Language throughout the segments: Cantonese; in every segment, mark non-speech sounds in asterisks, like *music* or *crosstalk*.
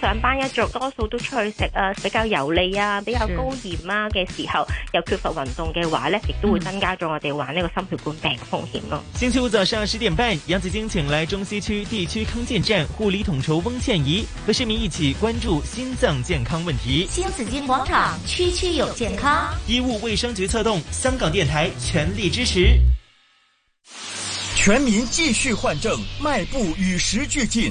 上班一族多數都出去食啊，比較油膩啊，比較高鹽啊嘅時候，的又缺乏運動嘅話呢，亦都會增加咗我哋患呢個心血管病風險，哦。嗯、星期五早上十點半，楊紫晶請來中西區地區康健站護理統籌翁倩怡，和市民一起關注心臟健康問題。新紫荊廣場區區有健康，醫務衛生局策動，香港電台全力支持，全民繼續換證，邁步與時俱進。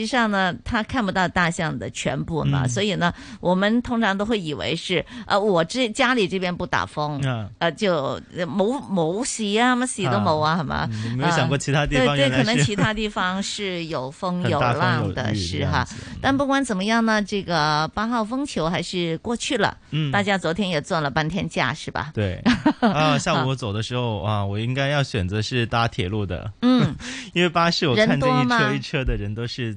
實際上呢，他看不到大象的全部嘛，所以呢，我們通常都會以為是呃，我這家裏這邊不打風，呃，就冇冇事啊，乜事都冇啊，係嘛？沒有想過其他地方？對對，可能其他地方是有風有浪的是哈。但不管怎麼樣呢，這個八號風球還是過去了。嗯，大家昨天也賺了半天假是吧？對。啊，下午我走的時候啊，我應該要選擇是搭鐵路的。嗯，因為巴士我看見一車一車的人都是。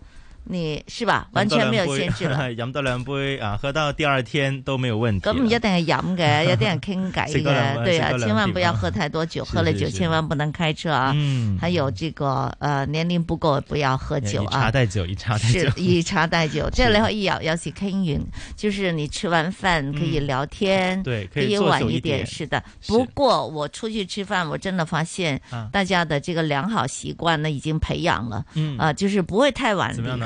你是吧？完全沒有限制了。飲多兩杯啊，喝到第二天都沒有問題。咁唔一定係飲嘅，有啲人傾偈嘅，對啊，千萬不要喝太多酒，喝了酒千萬不能開車啊。還有這個呃，年齡不夠不要喝酒啊。以茶代酒，以茶代酒。以茶代酒，這裏頭一要要去傾偈就是你吃完飯可以聊天，對，可以晚一點。是的。不過我出去吃飯，我真的發現大家的這個良好習慣呢，已經培養了。啊，就是不會太晚。怎麼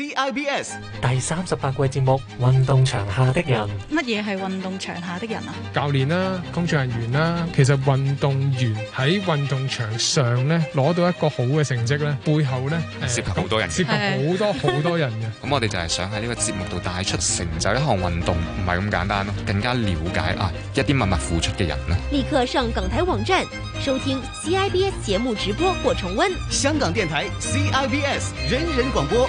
CIBS 第三十八季節目《運動場下的人》，乜嘢係運動場下的人啊？教練啦、啊，工作人員啦、啊，其實運動員喺運動場上咧，攞到一個好嘅成績咧，背後咧係涉及好多人，涉及好多好多人嘅。咁 *laughs* 我哋就係想喺呢個節目度帶出，成就一項運動唔係咁簡單咯、啊，更加了解啊一啲默默付出嘅人啦、啊。立刻上港台網站收聽 CIBS 節目直播或重温。香港電台 CIBS 人人廣播。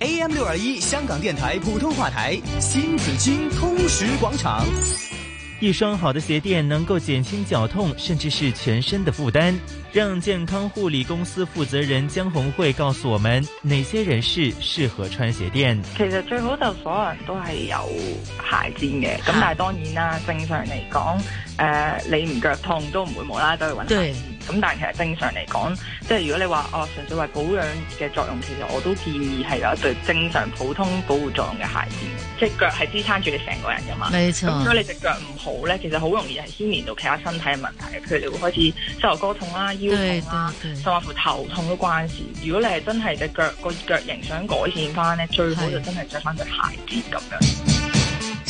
AM 六二一香港電台普通話台，新紫金通識廣場。一雙好的鞋墊能夠減輕腳痛，甚至是全身的負擔。讓健康護理公司負責人江紅慧告訴我們，哪些人士適合穿鞋墊？其實最好就所有人都係有鞋墊嘅，咁但係當然啦，啊、正常嚟講，誒、呃，你唔腳痛都唔會無啦啦走去揾對。咁但係其實正常嚟講，即係如果你話哦，純粹為保養嘅作用，其實我都建議係有一對正常普通保護作用嘅鞋墊，即係腳係支撐住你成個人㗎嘛。冇錯。咁所以你隻腳唔好咧，其實好容易係牽連到其他身體嘅問題，譬如你會開始膝頭哥痛啦、腰痛啦，甚至乎頭痛都關事。如果你係真係隻腳個腳型想改善翻咧，最好就真係着翻對鞋墊咁樣。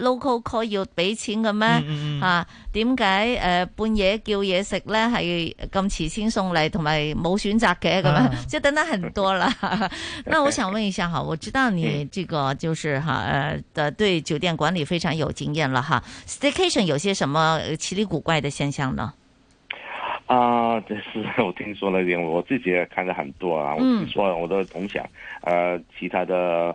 local call 要俾錢嘅咩？嚇，點解誒半夜叫嘢食咧，係咁遲先送嚟，同埋冇選擇嘅咁、啊啊？就等等很多啦。 *laughs* 那我想問一下哈，我知道你這個就是哈的、呃、對酒店管理非常有經驗了哈。Staycation 有些什麼奇離古怪的現象呢？啊，就是我聽說了一點，我自己也看到很多啊。我所以我都同想，呃，其他的。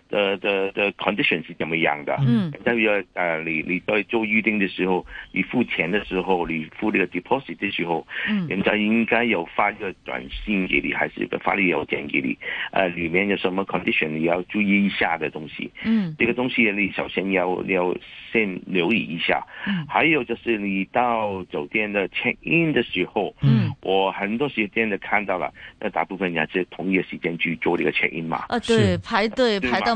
呃，的的 condition 是怎麼樣的？嗯，例如呃，你你在做預定的時候，你付錢的時候，你付這個 deposit 的時候，嗯，人家應該有發一個短信給你，還是發呢個郵件給你？呃，裏面有什麼 condition 你要注意一下的東西？嗯，這個東西你首先要要先留意一下。嗯，還有就是你到酒店的 check in 的時候，嗯，我很多時間都看到了，那大部分人還是同一個時間去做這個 check in 嘛？啊，對，是排隊嗎排到。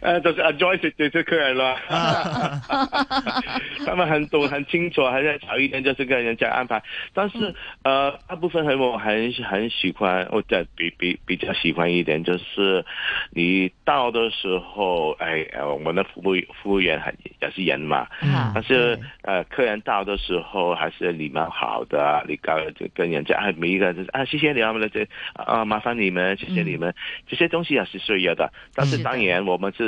呃，就是、uh, enjoy 食對對佢嚟咯，咁 *laughs* 啊 *laughs* *laughs* 很懂、很清楚，還度早一天，就是跟人家安排。但是，嗯、呃，大部分很我很很喜歡，我、哦、者比比比較喜歡一點，就是你到的時候，哎，誒、呃，我哋服務服務員很也是人嘛，嗯、啊，但是對呃，客人到的時候，還是禮貌好的，你告跟跟人家，每一個、就是、啊，謝謝你，或者啊，麻煩你們，謝謝你們，嗯、這些東西也是需要的。但是當然，我們是，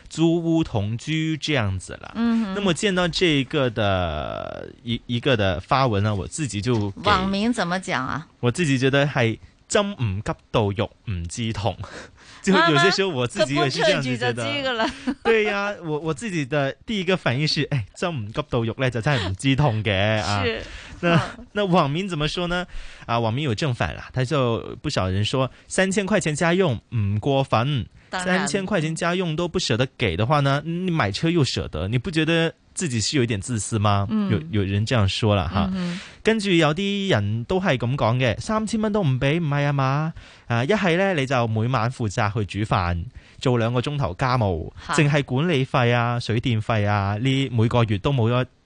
租屋同居這樣子了，嗯哼，那麼見到這一個的一一個的發文呢，我自己就網民怎麼講啊？我自己覺得係針唔拮到肉唔知痛， *laughs* 就有些時候我自己媽媽也是這樣子覺得。個了對呀、啊，我我自己的第一個反應是， *laughs* 哎，針唔拮到肉呢，就真唔知痛嘅啊。是。嗯、那那網民怎麼說呢？啊，網民有正反啦，他就不少人說三千塊錢家用唔過分。三千塊錢家用都不捨得給的話呢，你買車又捨得，你不覺得自己是有點自私嗎？嗯、有有人這樣說了哈，嗯、哼跟住有啲人都係咁講嘅，三千蚊都唔俾唔係啊嘛，啊一係呢你就每晚負責去煮飯，做兩個鐘頭家務，淨係是管理費啊、水電費啊呢，每個月都冇咗。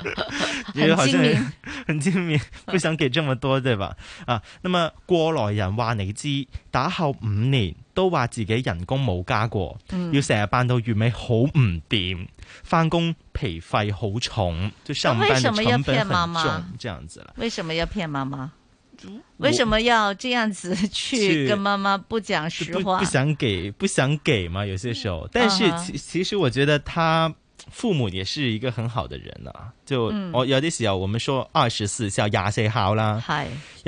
*laughs* 好像很精明， *laughs* 很精明，不想給這麼多，對吧？啊，那麼過來人話你知，打後五年都話自己人工冇加過，要成日辦到月尾好唔掂，翻工疲廢好重，就上班生病很重，這樣子啦。為什麼要騙媽媽？為什麼要這樣子去跟媽媽不講實話？不，不想給，不想給嘛？有些時候，嗯、但是、啊、哈其其實我覺得他。父母也是一個很好的人啊。就我有啲時候，我們說二十四孝廿四孝啦，係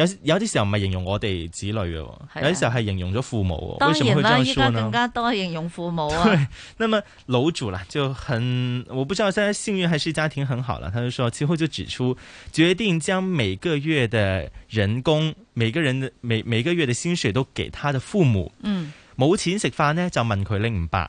是有有啲時候唔係形容我哋子女嘅，啊、有啲時候係形容咗父母、啊。當然啦，為什麼會這樣說呢？依家更加多形容父母啊。對，那麼樓主啦，就很，我不知道現在，幸運還是家庭很好啦，他就說，其後就指出，決定將每個月的人工，每個人的每每個月的薪水都給他的父母，嗯，冇錢食飯呢，就問佢拎五百。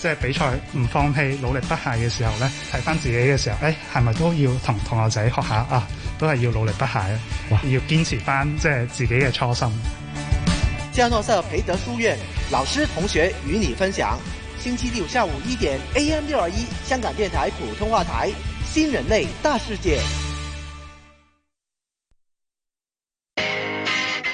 即係比賽唔放棄、努力不懈嘅時候咧，睇翻自己嘅時候，誒係咪都要同同學仔學一下啊？都係要努力不懈啊，哇要堅持翻即係自己嘅初心。嘉諾撒培德書院老師同學與你分享，星期六下午一點 AM 六二一香港電台普通話台《新人類大世界》。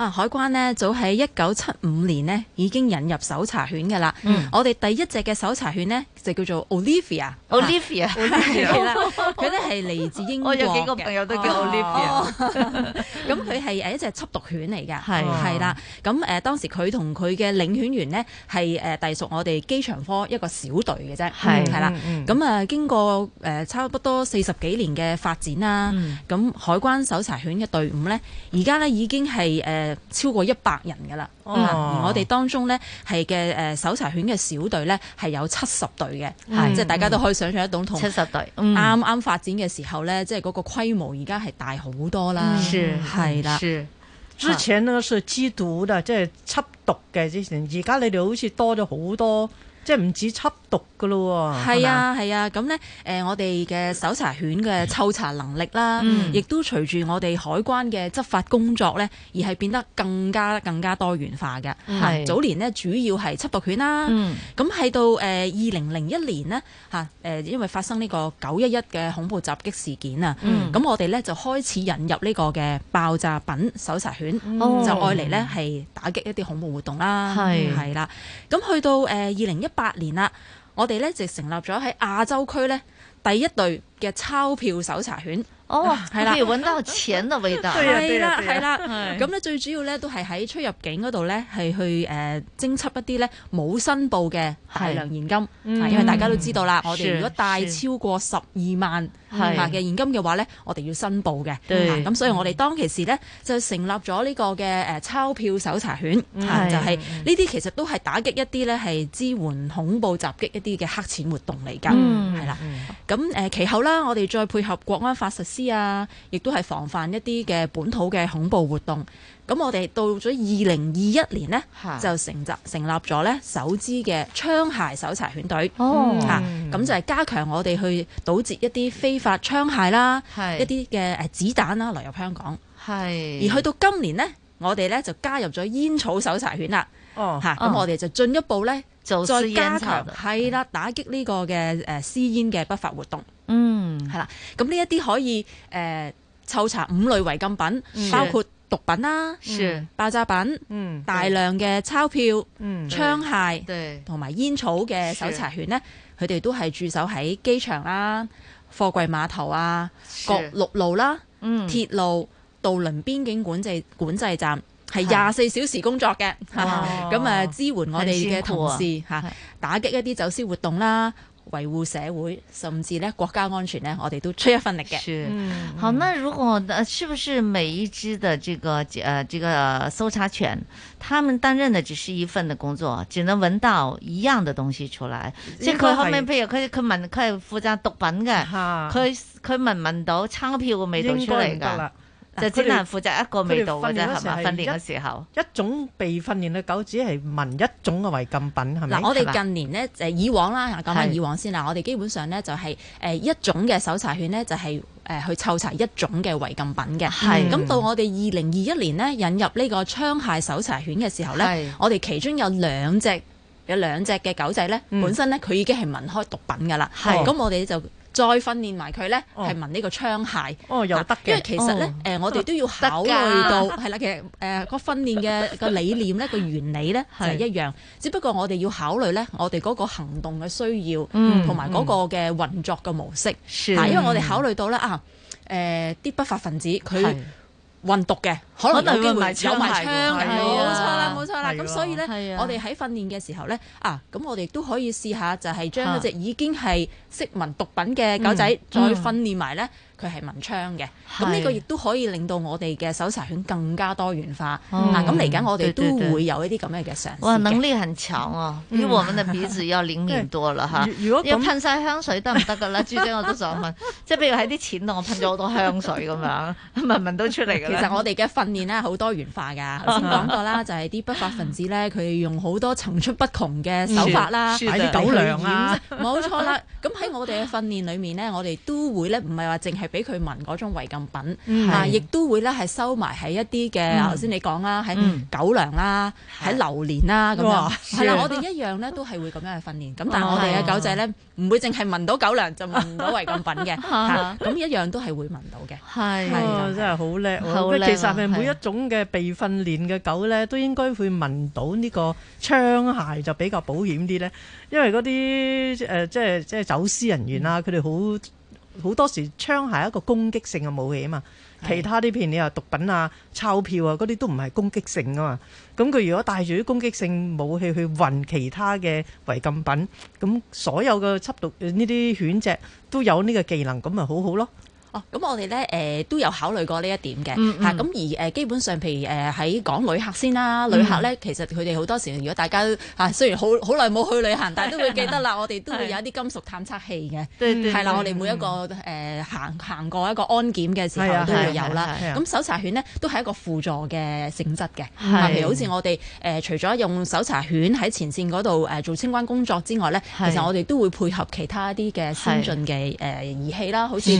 啊，海關咧早喺一九七五年咧已經引入搜查犬嘅啦。我哋第一隻嘅搜查犬呢，就叫做 Olivia。Olivia，係啦，佢咧係嚟自英國嘅。我有幾個朋友都叫 Olivia。咁佢係誒一隻緝毒犬嚟㗎。係係啦。咁誒當時佢同佢嘅領犬員呢，係誒隸屬我哋機場科一個小隊嘅啫。係係啦。咁啊經過誒差不多四十幾年嘅發展啦，咁海關搜查犬嘅隊伍呢，而家呢已經係誒，超過一百人噶啦。哦、我哋當中呢係嘅誒，搜查犬嘅小隊呢係有七十隊嘅，嗯、即係大家都可以想象得到，同七十隊啱啱發展嘅時候呢，即係嗰個規模而家係大好多啦，係啦，之前呢，咧是緝毒啦，即係緝毒嘅，之前而家你哋好似多咗好多。即係唔止緝毒噶咯喎，係啊，係啊，咁吧、啊、呢，誒、呃，我哋嘅搜查犬嘅嗅查能力啦，亦、嗯、都隨住我哋海關嘅執法工作呢，而係變得更加更加多元化嘅。係是、啊、早年呢，主要係緝毒犬啦，咁喺、嗯、到誒，二零零一年呢，吓、啊、誒、呃，因為發生呢個九一一嘅恐怖襲擊事件啊，咁、嗯、我哋呢就開始引入呢個嘅爆炸品搜查犬，哦、就愛嚟呢，係打擊一啲恐怖活動啦，係是啦，咁去到誒，二零一八年啦，我哋呢就成立咗喺亞洲區呢第一隊嘅鈔票搜查犬。哦，係啦，譬如搵到錢嘅味道，係啦係啦，咁咧最主要咧都係喺出入境嗰度咧，係去誒偵緝一啲咧冇申報嘅大量現金，因為大家都知道啦，我哋如果帶超過十二萬嘅現金嘅話咧，我哋要申報嘅，咁所以我哋當其時咧就成立咗呢個嘅誒鈔票搜查犬，就係呢啲其實都係打擊一啲咧係支援恐怖襲擊一啲嘅黑錢活動嚟噶，係啦，咁誒其後啦，我哋再配合國安法實施。啊，亦都係防範一啲嘅本土嘅恐怖活動。咁我哋到咗二零二一年呢，的就成集成立咗呢首支嘅槍械搜查犬隊。哦，吓咁、啊、就係加強我哋去堵截一啲非法槍械啦，的一啲嘅誒子彈啦流入香港。係的，而去到今年呢，我哋呢就加入咗煙草搜查犬啦。哦，吓咁、啊、我哋就進一步呢。再加強係啦，打擊呢個嘅誒私煙嘅不法活動。嗯，係啦。咁呢一啲可以誒抽查五類違禁品，包括毒品啦、爆炸品、大量嘅鈔票、槍械，同埋煙草嘅搜查犬呢。佢哋都係駐守喺機場啦、貨櫃碼頭啊、各陸路啦、鐵路、渡輪邊境管制管制站，係廿四小時工作嘅，咁啊、哦、 *laughs* 支援我哋嘅同事吓，啊、打擊一啲走私活動啦，維護社會，甚至咧國家安全咧，我哋都出一份力嘅。是嗯、好，那如果是不是每一支的這個誒、呃，這個搜查犬他們擔任的只是一份的工作，只能聞到一樣的東西出來。即係佢後面譬如佢佢聞佢負責毒品嘅，佢佢聞聞到鈔票嘅味道出嚟噶。就只能係負責一個味道㗎啫，係訓練嘅時候一，一種被訓練嘅狗只係聞一種嘅違禁品，係咪？嗱吧，我哋近年咧，就以往啦，講翻以往先啦。是我哋基本上咧就係、是、誒一種嘅搜查犬咧，就係、是、誒去搜查一種嘅違禁品嘅。係是。咁到我哋二零二一年咧引入呢個槍械搜查犬嘅時候咧，是我哋其中有兩隻有兩隻嘅狗仔咧，嗯、本身咧佢已經係聞開毒品㗎啦。係是。咁我哋就，再訓練埋佢咧，係聞呢個槍械，哦、又得嘅。其實咧、哦呃，我哋都要考慮到，係啦、啊，啊、 *laughs* 其實誒個、呃、訓練嘅個理念咧，個原理咧係 *laughs* 是一樣，只不過我哋要考慮咧，我哋嗰個行動嘅需要，同埋嗰個嘅運作嘅模式，係是因為我哋考慮到咧啊，誒、呃、啲不法分子佢。運毒嘅，可能都有機會有埋槍，冇錯啦，冇的錯啦。咁所以呢，的我哋喺訓練嘅時候呢，啊，咁我哋都可以試下，就係將嗰隻已經係識聞毒品嘅狗仔再訓練埋呢。嗯嗯佢係聞槍嘅，咁呢個亦都可以令到我哋嘅搜查犬更加多元化。嗱，咁嚟緊我哋都會有一啲咁樣嘅嘗試嘅。哇，能力很強啊，比我們嘅鼻子要靈敏多了嚇。如果咁，要噴晒香水得唔得㗎啦？朱姐我都想問，即係譬如喺啲錢度，我噴咗好多香水咁樣，聞唔聞到出嚟㗎？其實我哋嘅訓練咧好多元化㗎，頭先講過啦，就係啲不法分子咧，佢用好多層出不窮嘅手法啦，睇狗糧啊，冇錯啦。咁喺我哋嘅訓練裏面呢，我哋都會咧，唔係話淨係。俾佢聞嗰種違禁品，啊，亦都會咧係收埋喺一啲嘅頭先你講啦，喺狗糧啦，喺榴蓮啦咁樣，係我哋一樣咧都係會咁樣去訓練。咁但係我哋嘅狗仔咧，唔會淨係聞到狗糧就聞唔到違禁品嘅，嚇咁一樣都係會聞到嘅。係，真係好叻喎！咁其實係每一種嘅被訓練嘅狗咧，都應該會聞到呢個槍械就比較保險啲咧，因為嗰啲誒即係即係走私人員啊，佢哋好。好多時槍械係一個攻擊性嘅武器啊嘛，其他啲譬如又毒品啊、鈔票啊嗰啲都唔係攻擊性噶嘛，咁佢如果帶住啲攻擊性武器去運其他嘅違禁品，咁所有嘅緝毒呢啲犬隻都有呢個技能，咁咪好好咯。哦，咁我哋咧誒都有考慮過呢一點嘅嚇，咁而誒基本上譬如誒喺講旅客先啦，旅客咧其實佢哋好多時，如果大家嚇雖然好好耐冇去旅行，但係都會記得啦。我哋都會有一啲金屬探測器嘅，係啦。我哋每一個誒行行過一個安檢嘅時候都會有啦。咁搜查犬咧都係一個輔助嘅性質嘅，譬如好似我哋誒除咗用搜查犬喺前線嗰度誒做清關工作之外咧，其實我哋都會配合其他一啲嘅先進嘅誒儀器啦，好似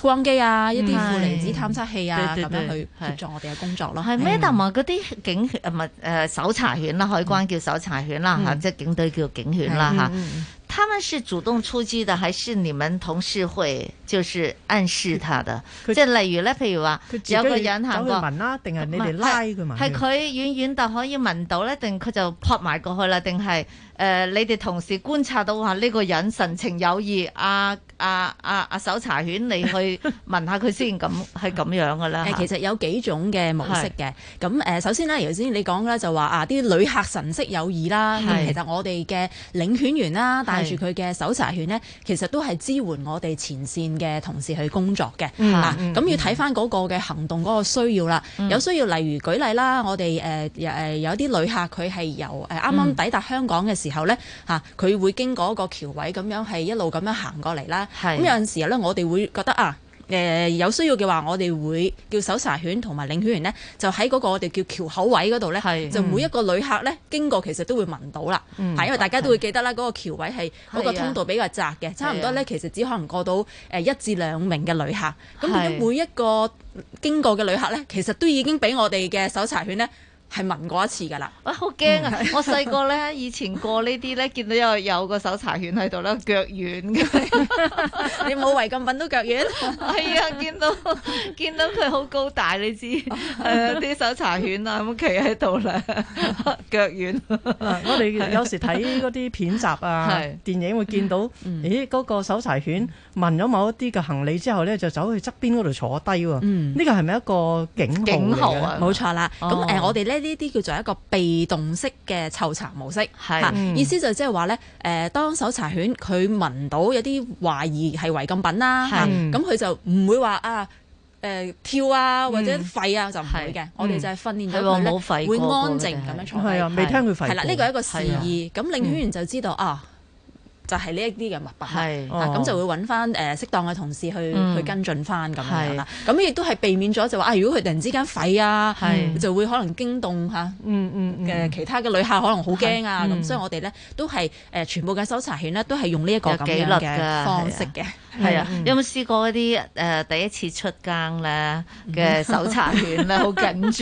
光機啊，一啲負離子探測器啊，咁樣是去協助我哋嘅工作咯。係咩？但係嗰啲警犬，係、呃、誒，搜查犬啦，海關叫搜查犬啦，吓、嗯，即係、啊、警隊叫警犬啦，吓、嗯啊。他們是主動出擊的，還是你們同事會就是暗示他的？即係例如咧，譬如話有個人行過，聞啦，定係你哋拉佢聞？係佢遠遠就可以聞到咧，定佢就撲埋過去啦？定係誒，你哋同事觀察到話呢、這個人神情有異啊？啊啊啊！搜查犬，你去問下佢先，咁係咁樣噶啦。其實有幾種嘅模式嘅。咁誒是，首先咧，頭先你講啦，就話啊，啲旅客神色有異啦。是其實我哋嘅領犬員啦，是帶住佢嘅搜查犬呢，其實都係支援我哋前線嘅同事去工作嘅。嗱、嗯嗯嗯啊，咁要睇翻嗰個嘅行動嗰個需要啦。嗯嗯，有需要，例如舉例啦，我哋誒誒有啲旅客佢係由誒啱啱抵達香港嘅時候咧，嚇、啊、佢會經過一個橋位咁樣，係一路咁樣行過嚟啦。咁是有陣時候咧，我哋會覺得啊、呃，有需要嘅話，我哋會叫搜查犬同埋領犬員呢就喺嗰個我哋叫橋口位嗰度呢、嗯、就每一個旅客呢經過其實都會聞到啦，係、嗯、因為大家都會記得啦，嗰是個橋位係嗰個通道比較窄嘅，啊、差唔多呢、啊、其實只可能過到一至兩名嘅旅客。咁是每一個經過嘅旅客呢，其實都已經俾我哋嘅搜查犬呢，係聞過一次㗎啦，哇好驚啊！我細個咧以前過呢啲咧，見到有有個搜查犬喺度啦，腳軟嘅，你冇違禁品都腳軟。係啊，見到見到佢好高大，你知係啲搜查犬啊咁企喺度咧，腳軟。我哋有時睇嗰啲片集啊，電影會見到，咦嗰個搜查犬聞咗某一啲嘅行李之後咧，就走去側邊嗰度坐低喎。呢個係咪一個警號啊？冇錯啦。咁誒，我哋咧。呢啲叫做一個被動式嘅搜查模式，係，意思就即係話咧，誒，當搜查犬佢聞到有啲懷疑係違禁品啦，咁佢就唔會話啊，誒，跳啊或者吠啊就唔會嘅，我哋就係訓練咗佢咧會安靜咁樣坐，係啊，未聽佢吠。係啦，呢個係一個示意，咁領犬員就知道啊。就係呢一啲嘅物品啦，咁就會揾翻誒適當嘅同事去去跟進翻咁樣啦。咁亦都係避免咗就話啊，如果佢突然之間吠啊，就會可能驚動嚇嘅其他嘅旅客可能好驚啊。咁所以我哋咧都係誒全部嘅搜查犬咧都係用呢一個咁嘅方式嘅，係啊。有冇試過嗰啲誒第一次出更咧嘅搜查犬咧，好緊張，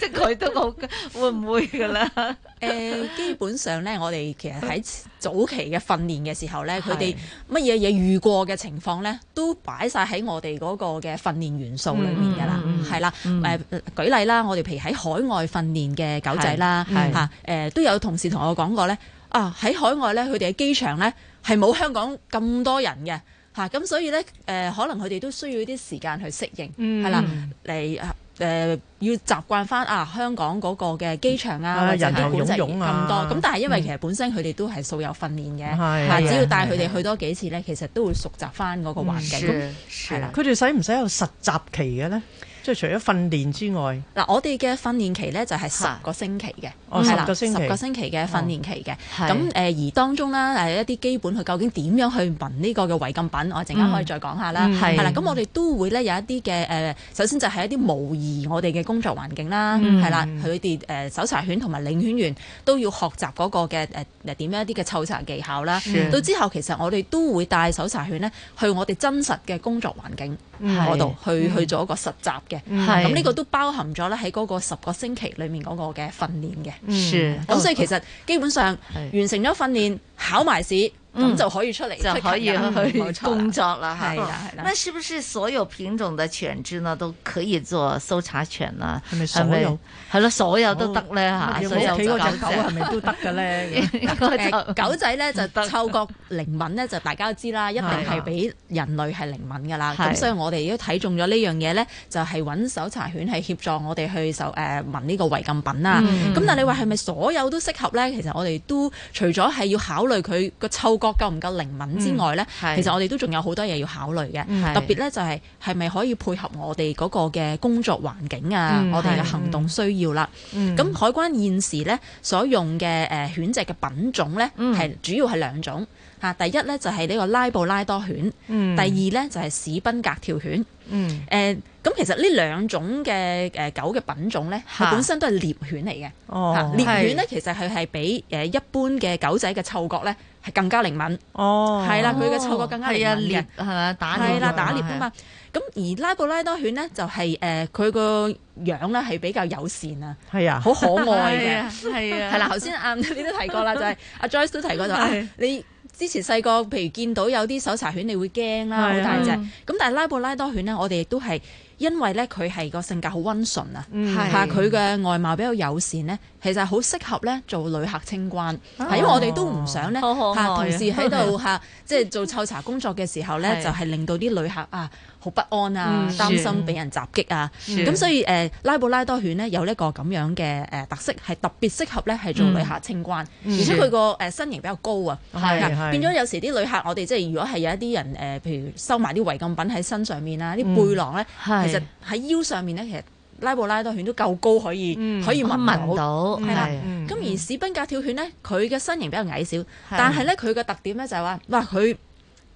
即係佢都好會唔會噶啦？誒、呃，基本上咧，我哋其實喺早期嘅訓練嘅時候咧，佢哋乜嘢嘢遇過嘅情況咧，都擺晒喺我哋嗰個嘅訓練元素裏面噶、嗯嗯嗯、啦，係啦。誒，舉例啦，我哋譬如喺海外訓練嘅狗仔啦，吓，誒、啊，都有同事同我講過咧，啊，喺海外咧，佢哋喺機場咧係冇香港咁多人嘅，吓、啊，咁所以咧，誒、呃，可能佢哋都需要啲時間去適應，係、嗯、啦，嚟。誒、呃、要習慣翻啊，香港嗰個嘅機場啊，或者啲管制咁多，咁、啊、但係因為其實本身佢哋都係素有訓練嘅，嚇、嗯，只要帶佢哋去多幾次呢，嗯、其實都會熟習翻嗰個環境。係啦，佢哋使唔使有實習期嘅呢？即除咗訓練之外，嗱、啊、我哋嘅訓練期咧就係、是、十個星期嘅、啊哦，十個星期嘅訓練期嘅。咁誒、哦啊呃、而當中啦誒、呃、一啲基本佢究竟點樣去聞呢個嘅違禁品，我陣間可以再講下啦。係、嗯啊、啦，咁我哋都會咧有一啲嘅誒，首先就係一啲模擬我哋嘅工作環境啦，係、嗯、啦，佢哋誒搜查犬同埋領犬員都要學習嗰個嘅誒點樣一啲嘅搜查技巧啦。了到之後其實我哋都會帶搜查犬咧去我哋真實嘅工作環境嗰度、啊、去去做一個實習嘅。咁呢是個都包含咗咧喺嗰個十個星期裏面嗰個嘅訓練嘅，咁是所以其實基本上完成咗訓練，是考埋試。咁就可以出嚟，就可以去工作啦。係啦，係啦。那是不是所有品種的犬隻啊，都可以做搜查犬啊，係咪所有？係咯，所有都得咧吓，所有雜狗係咪都得嘅咧？狗仔咧就嗅覺靈敏咧，就大家都知啦。一定係比人類係靈敏噶啦。咁所以我哋都睇中咗呢樣嘢咧，就係揾搜查犬係協助我哋去搜誒聞呢個違禁品啦。咁但係你話係咪所有都適合咧？其實我哋都除咗係要考慮佢個嗅覺。夠唔夠靈敏之外咧，其實我哋都仲有好多嘢要考慮嘅。特別咧就係係咪可以配合我哋嗰個嘅工作環境啊，我哋嘅行動需要啦。咁海關現時咧所用嘅誒犬隻嘅品種咧，係主要係兩種吓。第一咧就係呢個拉布拉多犬，第二咧就係史賓格跳犬。誒，咁其實呢兩種嘅誒狗嘅品種咧，本身都係獵犬嚟嘅。獵犬咧，其實佢係比誒一般嘅狗仔嘅嗅覺咧，更加靈敏哦，係啦、啊，佢嘅嗅覺更加靈敏嘅，係嘛、啊、打獵啊，打獵啊嘛。咁、啊、而拉布拉多犬咧就係、是、誒，佢、呃、個樣咧係比較友善是啊，係啊，好可愛嘅，係啊，係啦、 *laughs* 啊。頭先啱你都提過啦，就係、是、阿、啊、Joyce 都提過就話，是啊、你之前細個譬如見到有啲搜查犬你會驚啦，好大隻，咁、啊、但係拉布拉多犬咧，我哋亦都係。因為咧佢係個性格好温順啊，佢嘅、嗯、外貌比較友善咧，其實好適合咧做旅客清關，係因為我哋都唔想咧同時喺度即係做抽查工作嘅時候咧，嗯、就係令到啲旅客啊。啊好不安啊，擔心俾人襲擊啊，咁所以誒拉布拉多犬呢，有呢個咁樣嘅誒特色，係特別適合呢係做旅客清關，而且佢個誒身形比較高啊，係變咗有時啲旅客我哋即係如果係有一啲人誒，譬如收埋啲違禁品喺身上面啊，啲背囊呢，其實喺腰上面呢，其實拉布拉多犬都夠高可以可以聞聞到，係啦。咁而士賓格跳犬呢，佢嘅身形比較矮小，但係呢，佢嘅特點呢就係話，哇佢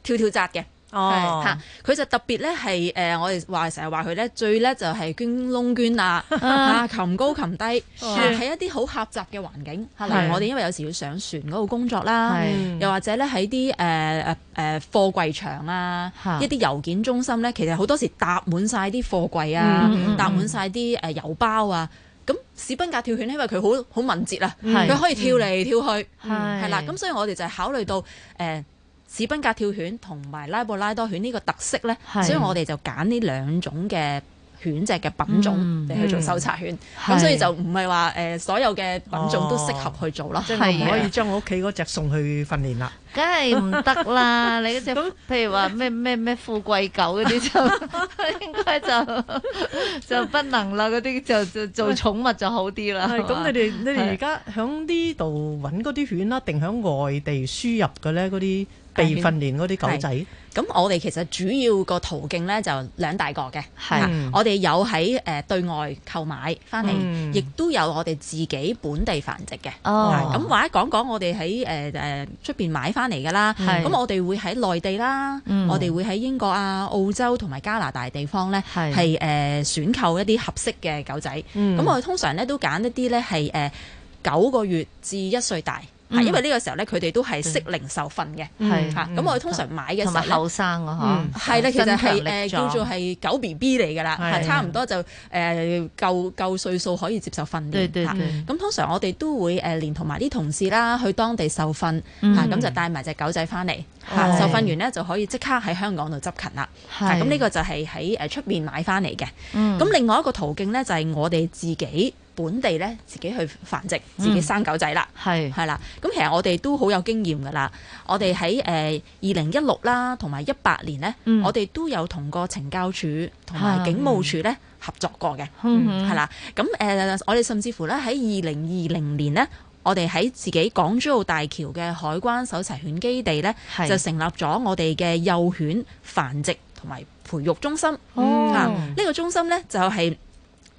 跳跳紮嘅。哦，嚇！佢就特別咧，係誒，我哋話成日話佢咧，最叻就係捐窿捐啊，啊，擒高擒低，喺一啲好狹窄嘅環境嚇，例如我哋因為有時要上船嗰度工作啦，又或者咧喺啲誒誒誒貨櫃場啊，一啲郵件中心咧，其實好多時搭滿晒啲貨櫃啊，搭滿晒啲誒郵包啊，咁士賓格跳犬咧，因為佢好好敏捷啊，佢可以跳嚟跳去，係啦，咁所以我哋就考慮到誒。史賓格跳犬同埋拉布拉多犬呢個特色咧，所以我哋就揀呢兩種嘅犬隻嘅品種嚟去做搜查犬。咁所以就唔係話誒所有嘅品種都適合去做啦。即係我唔可以將我屋企嗰隻送去訓練啦。梗係唔得啦！你嗰隻譬如話咩咩咩富貴狗嗰啲就應該就就不能啦。嗰啲就就做寵物就好啲啦。咁你哋你哋而家喺呢度揾嗰啲犬啦，定喺外地輸入嘅咧嗰啲？被訓練嗰啲狗仔，咁、啊、我哋其實主要個途徑咧就兩大個嘅，係是，我哋有喺誒、呃、對外購買翻嚟，亦、嗯、都有我哋自己本地繁殖嘅。哦，咁或者講講我哋喺誒誒出邊買翻嚟噶啦，係是，咁我哋會喺內地啦，嗯、我哋會喺英國啊、澳洲同埋加拿大地方咧係係誒選購一啲合適嘅狗仔，咁、嗯、我哋通常咧都揀一啲咧係誒九個月至一歲大。因為呢個時候咧，佢哋都係適齡受訓嘅，嚇。咁我哋通常買嘅時候，後生啊，嚇。係啦，其實係誒叫做係狗 B B 嚟㗎啦，差唔多就誒夠夠歲數可以接受訓練。對對對。咁通常我哋都會誒連同埋啲同事啦，去當地受訓，咁就帶埋隻狗仔翻嚟。受訓完咧就可以即刻喺香港度執勤啦。咁呢個就係喺誒出面買翻嚟嘅。咁另外一個途徑咧就係我哋自己。本地咧自己去繁殖，自己生狗仔啦，係係啦。咁其實我哋都好有經驗噶啦。我哋喺誒二零一六啦，同埋一八年呢，嗯、我哋都有同個懲教署同埋警務處咧合作過嘅，係啦的。咁誒、嗯呃，我哋甚至乎咧喺二零二零年呢，我哋喺自己港珠澳大橋嘅海關搜查犬基地呢，是就成立咗我哋嘅幼犬繁殖同埋培育中心啊。呢、哦這個中心呢，就係、是。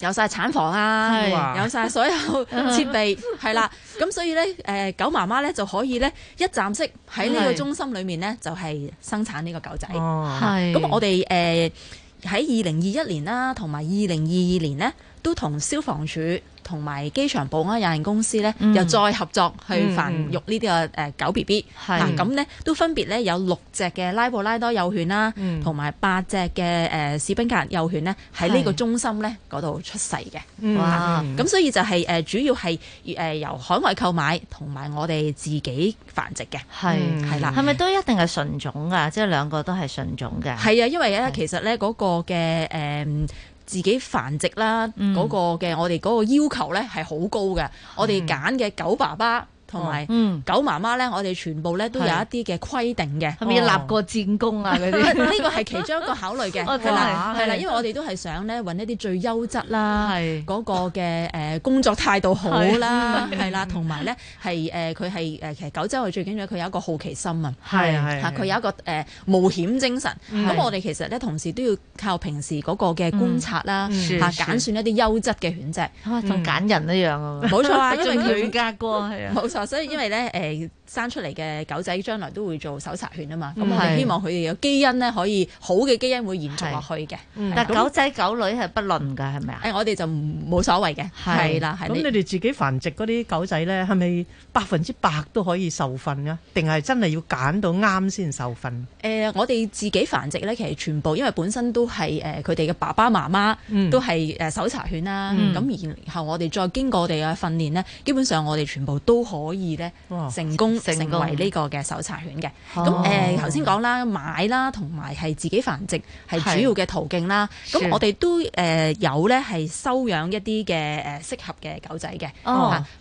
有晒產房啊，是哇有晒所有設備，係啦， *laughs* 咁所以呢，誒、呃、狗媽媽呢就可以呢一站式喺呢個中心裏面呢，就係生產呢個狗仔，係咁我哋誒喺二零二一年啦，同埋二零二二年呢，都同消防處。同埋機場保安有限公司咧，又再合作去繁育呢啲嘅誒狗 B B 嗱咁咧，都分別咧有六隻嘅拉布拉多幼犬啦，同埋八隻嘅誒史賓格幼犬咧，喺呢個中心咧嗰度出世嘅。哇！咁所以就係誒主要係誒由海外購買同埋我哋自己繁殖嘅。係係啦，係咪都一定係純種㗎？即係兩個都係純種嘅。係啊，因為咧其實咧嗰個嘅誒。自己繁殖啦，嗰個嘅我哋嗰個要求咧係好高嘅，嗯、我哋揀嘅狗爸爸。同埋狗媽媽咧，我哋全部咧都有一啲嘅規定嘅，要立過戰功啊啲，呢個係其中一個考慮嘅，係啦， *laughs* 係啦，因為我哋都係想咧揾一啲最優質啦，嗰個嘅誒工作態度好啦，係啦，同埋咧係誒佢係誒其實狗仔係最緊要佢有一個好奇心啊，係係佢有一個誒冒險精神，咁、嗯、我哋其實咧同時都要靠平時嗰個嘅觀察啦，嚇揀、嗯嗯、選算一啲優質嘅犬隻，同揀、嗯、人一樣冇錯啊，因為嚴格過，冇、啊、錯。所以，因為咧，誒、嗯。欸生出嚟嘅狗仔，將來都會做搜查犬啊嘛。咁、嗯、我哋希望佢哋嘅基因咧，可以好嘅基因會延續落去嘅。嗯、的但狗仔、嗯、狗女係不論㗎，係咪啊？誒、哎，我哋就冇所謂嘅。係啦是，係。咁你哋自己繁殖嗰啲狗仔咧，係咪百分之百都可以受訓㗎？定係真係要揀到啱先受訓？誒、呃，我哋自己繁殖咧，其實全部因為本身都係誒，佢哋嘅爸爸媽媽、嗯、都係誒搜查犬啦。咁、嗯、然後我哋再經過我哋嘅訓練咧，基本上我哋全部都可以咧、哦、成功。成為呢個嘅搜查犬嘅，咁誒頭先講啦，買啦同埋係自己繁殖係主要嘅途徑啦。咁我哋都誒有咧係收養一啲嘅誒適合嘅狗仔嘅。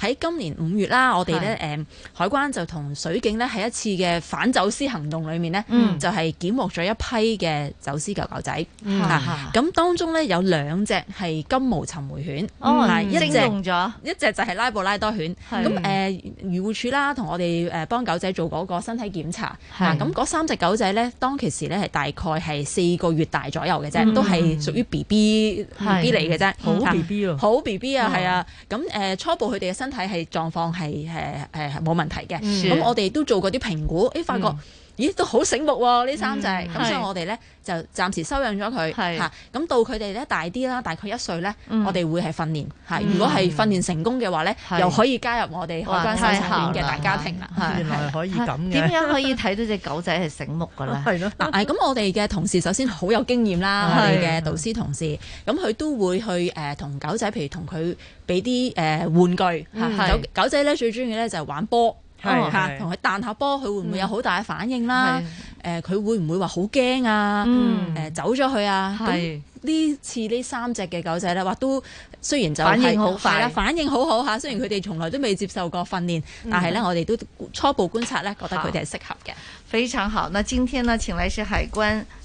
喺今年五月啦，我哋咧誒海關就同水警咧喺一次嘅反走私行動裏面咧，就係檢獲咗一批嘅走私狗狗仔嚇。咁當中咧有兩隻係金毛尋回犬，同埋一隻一隻就係拉布拉多犬。咁誒漁護署啦同我哋。誒、呃、幫狗仔做嗰個身體檢查，咁嗰的、啊、三隻狗仔咧，當其時咧係大概係四個月大左右嘅啫，都係屬於 B B B 嚟嘅啫，好 B B 咯，好 B B 啊，係啊，咁誒的的、啊、初步佢哋嘅身體係狀況係誒誒冇問題嘅，咁的、嗯、我哋都做過啲評估，誒、哎、發覺、嗯。咦，都好醒目喎！呢三隻，咁所以我哋咧就暫時收養咗佢。咁到佢哋咧大啲啦，大概一歲咧，我哋會係訓練。係，如果係訓練成功嘅話咧，又可以加入我哋海關搜查犬嘅大家庭啦。原來可以咁。點樣可以睇到隻狗仔係醒目㗎啦？係咯。咁我哋嘅同事首先好有經驗啦，我哋嘅導師同事，咁佢都會去同狗仔，譬如同佢俾啲誒玩具。狗仔咧最中意咧就係玩波。吓，同佢彈下波，佢會唔會有好大嘅反應啦？誒、嗯，佢、呃、會唔會話好驚啊？誒、嗯呃，走咗去啊？咁呢次呢三隻嘅狗仔咧，話都雖然就係、是、反應好快、啊，反應好好嚇。雖然佢哋從來都未接受過訓練，嗯、但係咧，我哋都初步觀察咧，覺得佢哋係適合嘅。非常好。那今天呢，請來是海關，